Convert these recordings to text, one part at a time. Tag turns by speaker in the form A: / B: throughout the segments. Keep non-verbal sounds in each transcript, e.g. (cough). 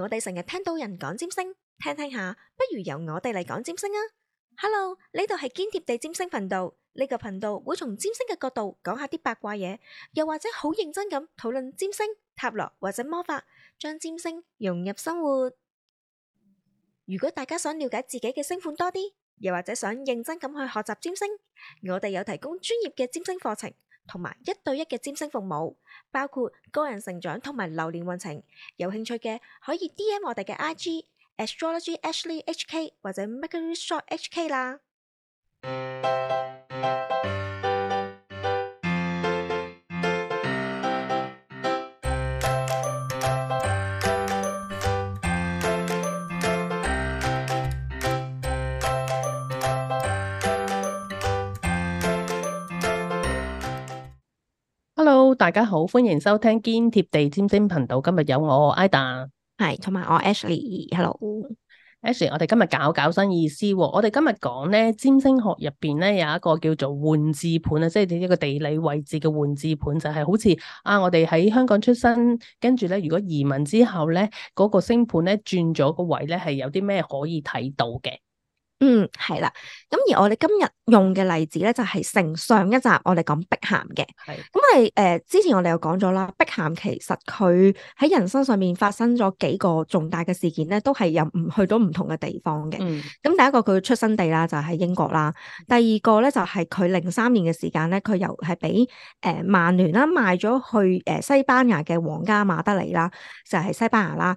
A: 我哋成日聽到人講占星，聽聽下，不如由我哋嚟講占星啊！Hello，呢度係堅貼地占星頻道，呢個頻道會從占星嘅角度講下啲八卦嘢，又或者好認真咁討論占星、塔羅或者魔法，將占星融入生活。如果大家想了解自己嘅星盤多啲，又或者想認真咁去學習占星，我哋有提供專業嘅占星課程。同埋一對一嘅占星服務，包括個人成長同埋流年運程。有興趣嘅可以 DM 我哋嘅 IG AstrologyAshleyHK 或者 MercuryShopHK 啦。
B: 好，大家好，歡迎收聽堅貼地占星頻道。今日有我 Ida 係同埋我 Ashley, Hello Ashley。Hello，Ashley，我哋今日搞搞新意思、哦。我哋今日講咧占星學入邊咧有一個叫做換置盤啊，即係一個地理位置嘅換置盤，就係、是、好似啊，我哋喺香港出生，跟住咧如果移民之後咧嗰、那個星盤咧轉咗個位咧，係有啲咩可以睇到嘅。嗯，係啦，
A: 咁而我哋今日用嘅例子咧，就係、是、承上一集我哋講碧咸嘅，咁我誒之前我哋又講咗啦，碧咸其實佢喺人生上面發生咗幾個重大嘅事件咧，都係有唔去到唔同嘅地方嘅。咁、嗯嗯、第一個佢出生地啦，就係英國啦。第二個咧就係佢零三年嘅時間咧，佢又係俾誒曼聯啦賣咗去誒西班牙嘅皇家馬德里啦，就係、是、西班牙啦。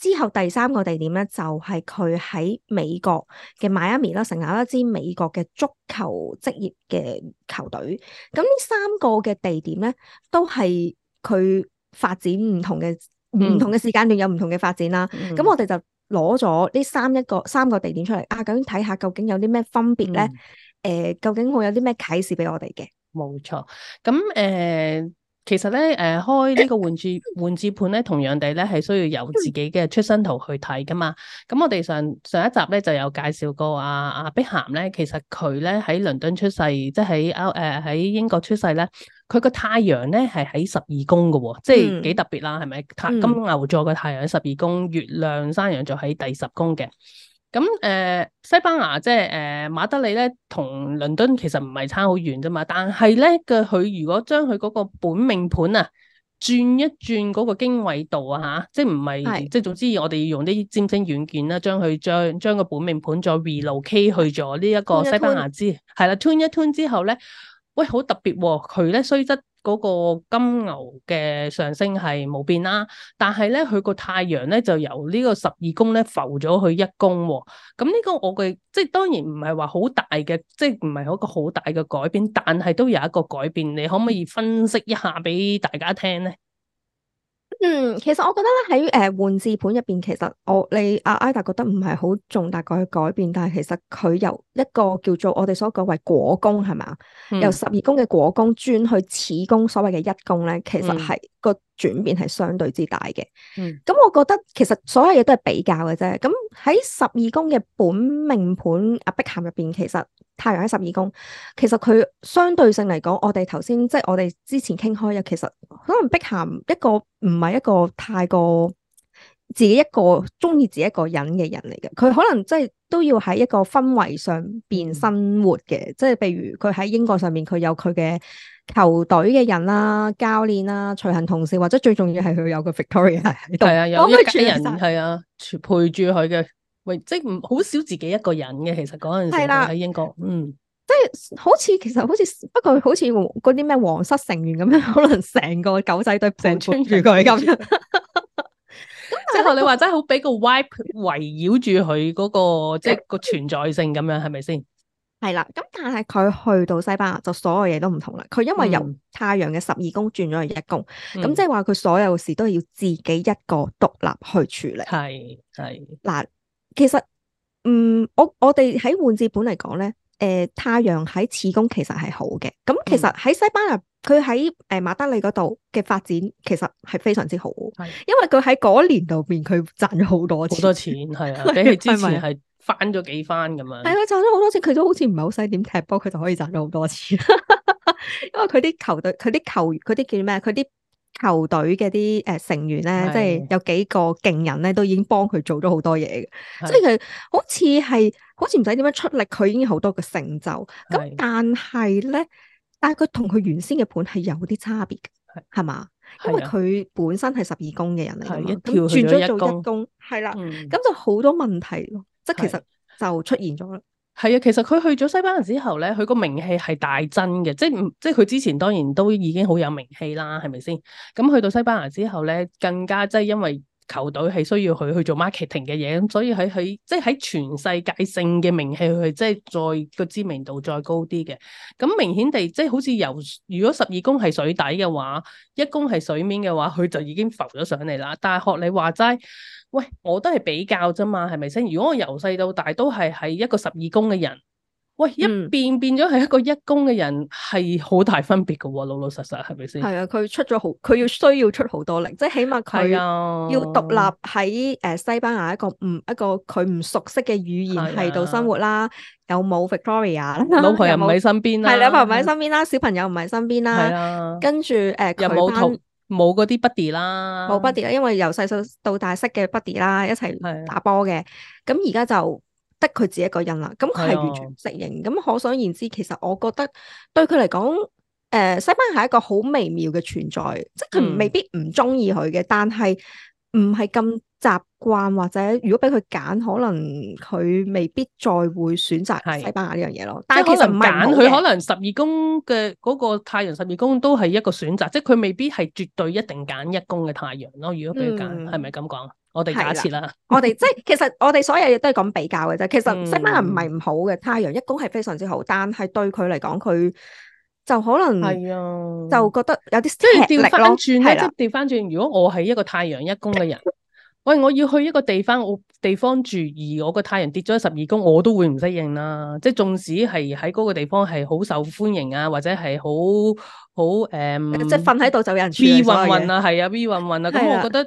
A: 之後第三個地點咧，就係佢喺美國嘅 Miami 啦，成立一支美國嘅足球職業嘅球隊。咁呢三個嘅地點咧，都係佢發展唔同嘅唔、嗯、同嘅時間段，有唔同嘅發展啦。咁、嗯、哼我哋就攞咗呢三一個三個地點出嚟啊，究竟睇下究竟有啲咩分
B: 別咧？誒、嗯呃，究竟會有啲咩啟示俾我哋嘅？冇錯，咁誒。呃其實咧，誒、呃，開個玩玩呢個換置換置盤咧，同樣地咧係需要由自己嘅出生圖去睇噶嘛。咁我哋上上一集咧就有介紹過阿、啊、阿、啊、碧咸咧，其實佢咧喺倫敦出世，即係喺歐誒喺英國出世咧，佢個太陽咧係喺十二宮嘅喎、哦，即係幾特別啦，係咪？金牛座嘅太陽喺十二宮，月亮山羊座喺第十宮嘅。咁誒、嗯，西班牙即係誒馬德里咧，同倫敦其實唔係差好遠啫嘛。但係咧嘅佢如果將佢嗰個本命盤啊，轉一轉嗰個經緯度啊吓，即係唔係即係總之，我哋要用啲占星軟件啦，將佢將將個本命盤再 relocate 去咗呢一個西班牙之係啦 turn 一 turn 之後咧，喂好特別、啊，佢咧雖則。雖嗰個金牛嘅上升係冇變啦，但係咧佢個太陽咧就由呢個十二宮咧浮咗去一宮喎、哦。咁、嗯、呢、呢個我嘅即係當然唔係話好大嘅，即係唔係一個好大嘅改變，但係都有一個改變。你可唔可以分析一下俾大家聽咧？
A: 嗯，其實我覺得咧喺誒換置盤入邊，其實我你阿 ida、啊、覺得唔係好重大改改變，但係其實佢由一個叫做我哋所講為果宮係咪，嗯、由十二宮嘅果宮轉去始宮所謂嘅一宮咧，其實係個轉變係相對之大嘅。咁、嗯、我覺得其實所有嘢都係比較嘅啫。咁喺十二宮嘅本命盤阿碧咸入邊，其實。太陽喺十二宮，其實佢相對性嚟講，我哋頭先即係我哋之前傾開啊。其實可能碧咸一個唔係一個太過自己一個中意自己一個人嘅人嚟嘅，佢可能即係都要喺一個氛圍上面生活嘅。嗯、即係譬如佢喺英國上面，佢有佢嘅球隊嘅人啦、啊、教練啦、啊、隨行同事，或者最重要係佢有個 Victoria 喺度，
B: 咁、啊、人係啊，啊，陪住佢嘅。即係唔好少自己一個人嘅，其實嗰陣時喺英國，嗯，
A: 即係好似其實好似不過好似嗰啲咩皇室成員咁樣，可能成個狗仔隊成圈住佢咁樣。
B: 即係你話真係好俾個 wipe 圍繞住佢嗰個，即係個存在性咁樣，係咪先？
A: 係啦，咁但係佢去到西班牙就所有嘢都唔同啦。佢因為由太陽嘅十二宮轉咗去一宮，咁即係話佢所有事都係要自己一個獨立去處理。係係嗱。其實，嗯，我我哋喺換置本嚟講咧，誒、呃，太陽喺次宮其實係好嘅。咁其實喺西班牙，佢喺誒馬德里嗰度嘅發展其實係非常之好，因為佢喺嗰年度面佢賺咗好多錢。好是多錢係啊，比佢之前係
B: 翻咗幾番咁 (laughs) 啊。係啊，賺
A: 咗好多錢，佢都好似唔係好使點踢波，佢就可以賺咗好多錢。 (laughs) 因為佢啲球隊，佢啲球佢啲叫咩？佢啲。球隊嘅啲誒成員咧，是即係有幾個勁人咧，都已經幫佢做咗是好多嘢嘅，即係佢好似係好似唔使點樣出力，佢已經好多嘅成就。咁是但係咧，但係佢同佢原先嘅盤係有啲差別嘅，係嘛是？因為佢本身係十二宮嘅人嚟嘅，咁轉咗做一宮，係啦、嗯，咁就好多問題咯，即係其實就出現咗。
B: 係啊，其實佢去咗西班牙之後咧，佢個名氣係大增嘅，即係即係佢之前當然都已經好有名氣啦，係咪先？咁去到西班牙之後咧，更加即係因為球隊係需要佢去做 marketing 嘅嘢，咁所以喺喺即係喺全世界性嘅名氣，去，即係再個知名度再高啲嘅。咁明顯地，即係好似由如果十二公係水底嘅話，一公係水面嘅話，佢就已經浮咗上嚟啦。但係學你話齋。喂，我都係比較啫嘛，係咪先？如果我由細到大都係喺一個十二宮嘅人，喂，嗯、一變變咗係一個一宮嘅人，係好大分別噶。老老實實，係咪先？係
A: 啊，佢出咗好，佢要需要出好多力，即係起碼佢、啊、要獨立喺誒西班牙一個唔一個佢唔熟悉嘅語言係度生活啦，啊、有冇 Victoria 老婆又唔喺身邊、啊，係老婆唔喺身邊啦、啊，小朋友唔喺身邊啦、啊，啊、跟住誒又冇。呃有同
B: 冇嗰啲 buddy 啦，冇 buddy
A: 啦，因為由細數到大識嘅 buddy 啦，一齊打波嘅，咁而家就得佢自己一個人啦，咁佢係完全唔適應，咁的可想而知，其實我覺得對佢嚟講，誒、呃、西班牙係一個好微妙嘅存在，即係佢未必唔中意佢嘅，嗯、但係唔係咁。習慣或者如果俾佢揀，可能佢未必再會選擇西班牙呢樣嘢咯。是但係其實揀佢可
B: 能十二宮嘅嗰個太陽十二宮都係一個選擇，即係佢未必係絕對一定揀一宮嘅太陽咯。如果俾佢揀，係咪咁講？我哋假設啦，的 (laughs)
A: 我哋即係其實我哋所有嘢都係咁比較嘅啫。其實西班牙唔係唔好嘅，太陽一宮係非常之好，但係對佢嚟講，佢就可能係
B: 啊，就
A: 覺得有啲的即係調翻轉咧，即
B: 係調翻轉。如果我係一個太陽一宮嘅人。 (laughs) 喂，我要去一個地方，我地方住，而我個太陽跌咗十二宮，我都會唔適應啦。即係縱使係喺嗰個地方係好受歡迎啊，或者係好好誒，嗯、即係瞓喺度就有人 B 暈暈啊，係啊 B 暈暈啊。咁我覺得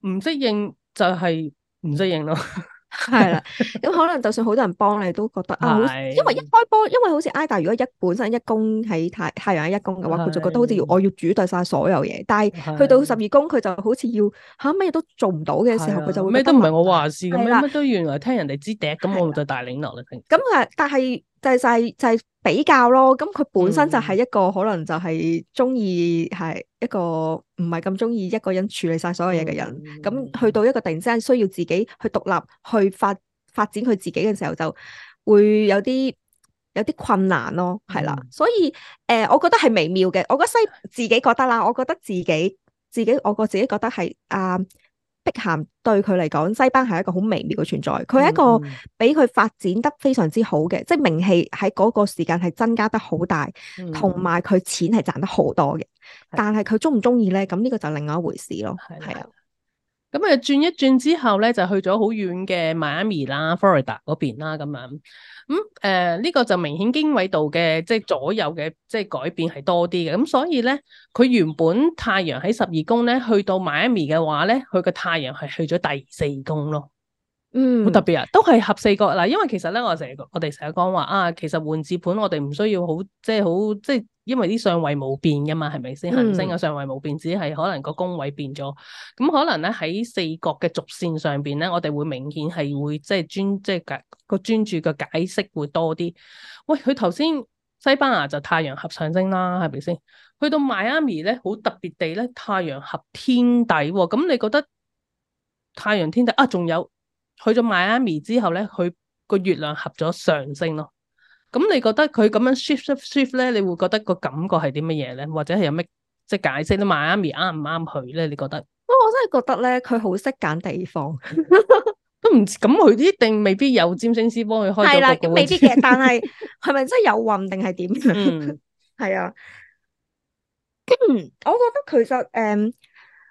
B: 唔適應就係唔適應咯。 (laughs) 係啦，
A: 咁 (laughs) 可能就算好多人幫你，都覺得 (laughs) 啊，因為一開波，因為好似 IDA，如果一本身一宮喺太太陽喺一宮嘅話，佢的就覺得好似要我要主導晒
B: 所有嘢，的但係去到
A: 十二宮，佢就好似要吓乜嘢都做唔到嘅時候，佢的就會咩都唔係
B: 我話事咁啦，的乜都原來聽人哋支笛，咁的我咪就大領落嚟
A: 聽，咁啊的，的但係。就是、就係、是、比較咯，咁佢本身就係一個、嗯、可能就係中意係一個唔係咁中意一個人處理晒所有嘢嘅人，咁、嗯嗯、去到一個突然之間需要自己去獨立去發發展佢自己嘅時候，就會有啲有啲困難咯，係啦，嗯、所以誒、呃，我覺得係微妙嘅，我覺得西自己覺得啦，我覺得自己自己我覺自己覺得係啊。呃碧咸對佢嚟講，西班牙係一個好微妙嘅存在。佢係一個俾佢發展得非常之好嘅，嗯嗯即係名氣喺嗰個時間係增加得好大，同埋佢錢係賺得好多嘅。的但係佢鍾唔鍾意咧？咁呢個就另外一回事咯。係啊。
B: 咁啊，轉一轉之後咧，就去咗好遠嘅邁阿密啦，佛羅里達嗰邊啦，咁樣咁誒，呢、嗯呃這個就明顯經緯度嘅，即係左右嘅，即係改變係多啲嘅。咁所以咧，佢原本太陽喺十二宮咧，去到邁阿密嘅話咧，佢個太陽係去咗第四宮咯。嗯，好特別啊，都係合四角啦。因為其實咧，我成我哋成日講話啊，其實換置盤我哋唔需要好，即係好，即係。因為啲相位冇變噶嘛，係咪先？行星嘅相位冇變，只係可能個宮位變咗。咁、嗯、可能咧喺四角嘅軸線上邊咧，我哋會明顯係會即係專即係解個專注嘅解釋會多啲。喂，佢頭先西班牙就太陽合上升啦，係咪先？去到邁阿密咧，好特別地咧，太陽合天底喎、哦。咁你覺得太陽天底啊？仲有去咗邁阿密之後咧，佢個月亮合咗上升咯。咁你覺得佢咁樣 shift shift 咧，你會覺得個感覺係啲乜嘢咧？或者係有咩即係解釋咧？邁阿密啱唔啱佢咧？你覺得？哦、我真係覺得咧，佢好識揀地方。 (laughs) (laughs) 都唔知咁佢一定未必有占星師幫佢開咗係啦， (laughs) 未必嘅，但係係咪真係有運定係點？嗯，係啊。我
A: 覺得其實誒。嗯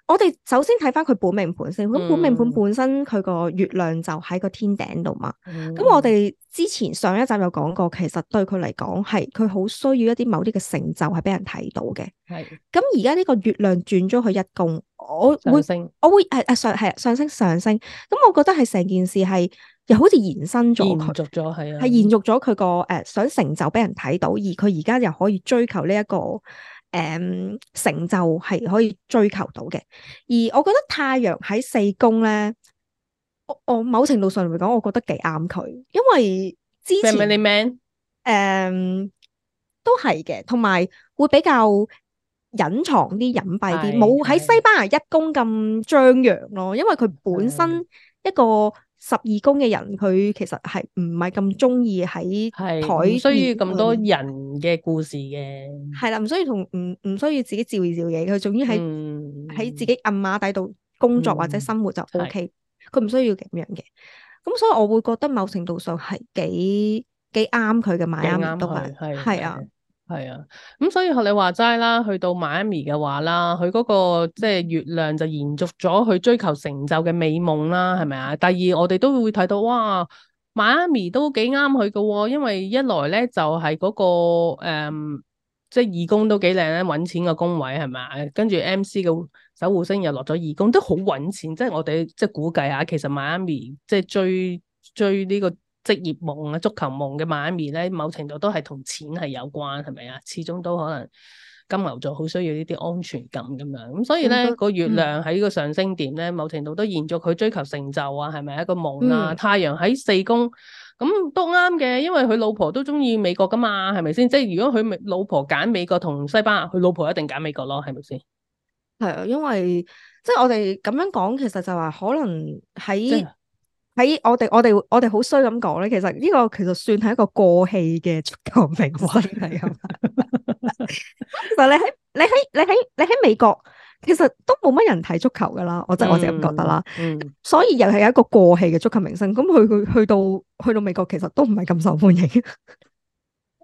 A: 我哋首先睇翻佢本命盤先，咁本命盤本身佢個、嗯、月亮就喺個天頂度嘛。咁、嗯、我哋之前上一集有講過，其實對佢嚟講係佢好需要一啲某啲嘅成就係俾人睇到嘅。係的。咁而家呢個月亮轉咗去一宮，我會我會係啊上係上升上升。咁我，我，我覺得係成件事係又好似延伸咗佢，延續咗係啊，係延續咗佢個誒想成就俾人睇到，而佢而家又可以追求呢、這、一個。誒，um, 成就係可以追求到嘅。而我覺得太陽喺四宮咧，我我某程度上嚟講，我覺得幾啱佢，因為之前誒 Family
B: Man?、um,
A: 都係嘅，同埋會比較隱藏啲、隱蔽啲，冇喺係嘅，西班牙一宮咁張揚咯。因為佢本身一個十二宮嘅人佢其實係唔係咁中意喺台，需要咁多人
B: 嘅故事嘅
A: 係啦，唔需要同唔唔需要自己照二照嘢，佢總之喺喺自己暗馬底度工作或者生活就 O K，佢唔需要咁樣嘅，咁是所以我會覺得某程度上係幾幾啱佢嘅買啱啱都係係啊。
B: 係啊，咁、嗯、所以學你話齋啦，去到邁阿密嘅話啦，佢嗰、那個即係、就是、月亮就延續咗佢追求成就嘅美夢啦，係咪啊？第二我哋都會睇到哇，邁阿密都幾啱佢嘅，因為一來咧就係、是、嗰、那個誒，即、嗯、係、就是、二宮都幾靚啦，搵錢個宮位係嘛，跟住 MC 嘅守護星又落咗二宮，都好搵錢，即、就、係、是、我哋即係估計下，其實邁阿密即係追追呢個。職業夢啊，足球夢嘅晚年，咧，某程度都係同錢係有關，係咪啊？始終都可能金牛座好需要呢啲安全感咁樣。咁所以咧，嗯、個月亮喺個上升點咧，某程度都延續佢追求成就啊，係咪一個夢啊？嗯、太陽喺四宮，咁都啱嘅，因為佢老婆都中意美國噶嘛，係咪先？即係如果佢老婆揀美國同西班牙，佢老婆一定揀美國咯，係咪先？
A: 係啊，因為即係我哋咁樣講，其實就話可能喺。喺我哋我哋我哋好衰咁講咧，其實呢個其實算係一個過氣嘅足球明星嚟。咁。 (laughs) (laughs) 但你喺你喺你喺你喺美國，其實都冇乜人睇足球噶啦，我即係、嗯、我自己覺得啦。嗯、所以又係一個過氣嘅足球明星，咁佢去去，去到去到美國，其實都唔係咁受歡迎。 (laughs)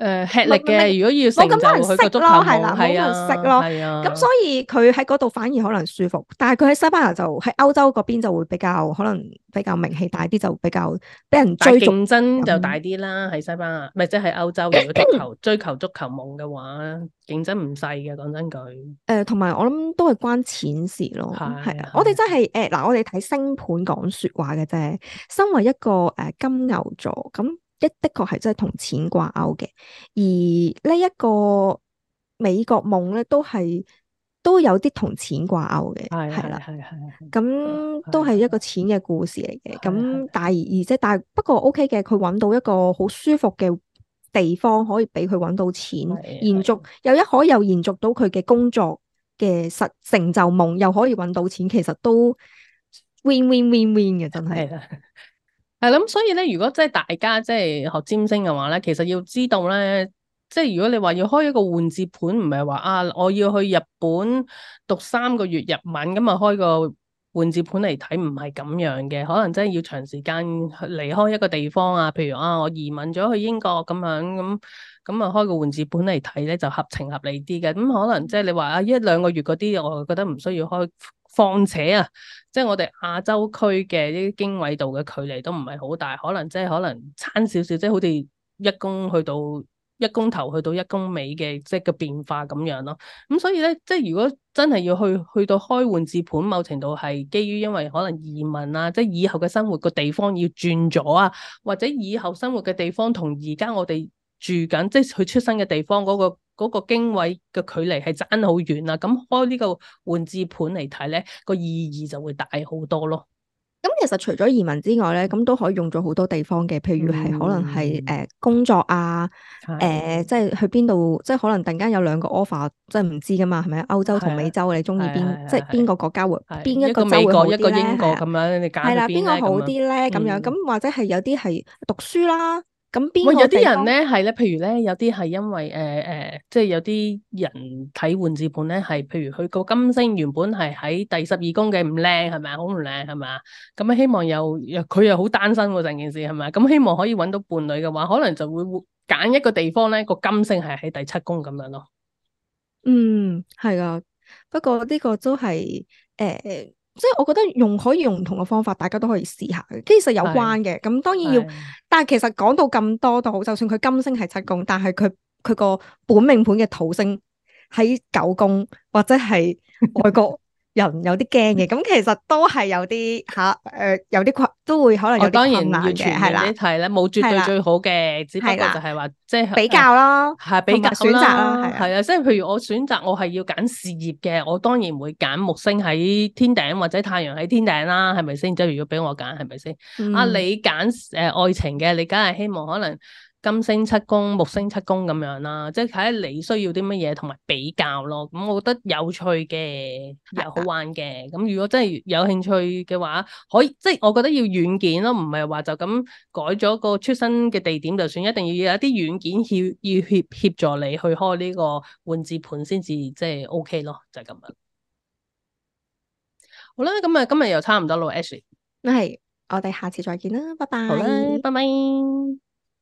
B: 誒，吃力嘅，如果要成就佢個足球夢係啦，冇人識咯，咁所以
A: 佢喺嗰度反而可能舒服。但係佢喺西班牙就喺歐洲嗰邊就會比較可能比較名氣大啲，就比較俾人追競
B: 爭就大啲啦。喺西班牙，咪即係喺歐洲，如果踢球，追求足球夢嘅話，競爭唔細嘅，講真句。
A: 誒，同埋我諗都係關錢事咯，係啊，我哋真係誒，嗱，我哋睇星盤講說話嘅啫。身為一個誒金牛座咁。的確的確係真係同錢掛鈎嘅，而呢一個美國夢咧，都係都有啲同錢掛鈎嘅，係啦，係係咁都係一個錢嘅故事嚟嘅。咁但而即係但不過 OK 嘅，佢搵到一個好舒服嘅地方，可以俾佢搵到錢，延續又一可又延續到佢嘅工作嘅實成就夢，又可以搵到錢，其實都 win win win win 嘅，就是，真係。
B: 係，咁、 (music) 嗯、 (music) 所以咧，如果即係大家即係學占星嘅話咧，其實要知道咧，即係如果你話要開一個換置盤，唔係話啊，我要去日本讀三個月日文，咁啊開個換置盤嚟睇，唔係咁樣嘅，可能真係要長時間離開一個地方啊，譬如啊，我移民咗去英國咁樣，咁咁啊開個換置盤嚟睇咧，就合情合理啲嘅，咁可能即係你話啊一兩個月嗰啲，我覺得唔需要開。況且啊，即係我哋亞洲區嘅呢啲經緯度嘅距離都唔係好大，可能即係可能差少少，即係好似一公去到一公頭，去到一公尾嘅，即係個變化咁樣咯。咁所以咧，即係如果真係要去去到開換置盤，某程度係基於因為可能移民啊，即係以後嘅生活個地方要轉咗啊，或者以後生活嘅地方同而家我哋住緊，即係佢出生嘅地方嗰個。嗰個經緯嘅距離係爭好遠啦、啊，咁開呢個換置盤嚟睇咧，個意義就會大好多咯。咁、嗯嗯、其實除咗移
A: 民之外咧，咁都可以用咗好多地方嘅，譬如係可能係誒工作啊，誒即係去邊度，即、就、係、是、可能突然間有兩個 offer，即係唔知噶嘛，係咪歐洲同美洲、啊、你中意邊，啊啊、即係邊個國家活，邊、啊、一個美國一，、啊、一個英國
B: 咁樣，啊、你揀邊一係啦，邊個好啲
A: 咧？咁樣咁或者係有啲係讀書啦。咁邊？有啲人咧，係
B: 咧，譬如咧，有啲係因為誒誒、呃呃，即係有啲人睇換置盤咧，係譬如佢個金星原本係喺第十二宮嘅，唔靚係咪啊？好唔靚係咪啊？咁希望又佢又好單身喎、啊，成件事係咪？咁希望可以揾到伴侶嘅話，可能就會揀一個地方咧，個金星係喺第七宮咁樣咯。嗯，
A: 係啊，不過呢個都係誒。呃即係我覺得用可以用唔同嘅方法，大家都可以試下嘅。其實有關嘅，咁的當然要。的但係其實講到咁多都好，就算佢金星係七宮，但係佢佢個本命盤嘅土星喺九宮或者係外國。 (laughs) 人有啲驚嘅，咁其實都係有啲吓，誒、啊呃，有啲困，都
B: 會可能當然完全有困難嘅。係啦的，冇絕對最好嘅，的只不過就係話即係比較囉，係、呃、比較選擇囉，係啊，即係譬如我選擇我係要揀事業嘅的，我當然會揀木星喺天頂或者太陽喺天頂啦，係咪先？即、就、係、是、如果俾我揀，係咪先？嗯、啊，你揀誒愛情嘅，你梗係希望可能。金星七宮、木星七宮咁樣啦，即係睇下你需要啲乜嘢，同埋比較咯。咁、嗯、我覺得有趣嘅又好玩嘅。咁、嗯、如果真係有興趣嘅話，可以即係我覺得要軟件咯，唔係話就咁改咗個出生嘅地點就算，一定要有一啲軟件協要協協助你去開呢個換置盤先至即係 OK 咯，就係、是、咁樣。好啦，咁啊，今日又差唔多咯 Ashley 係我哋
A: 下次再見啦，拜拜。好啦，
B: 拜拜。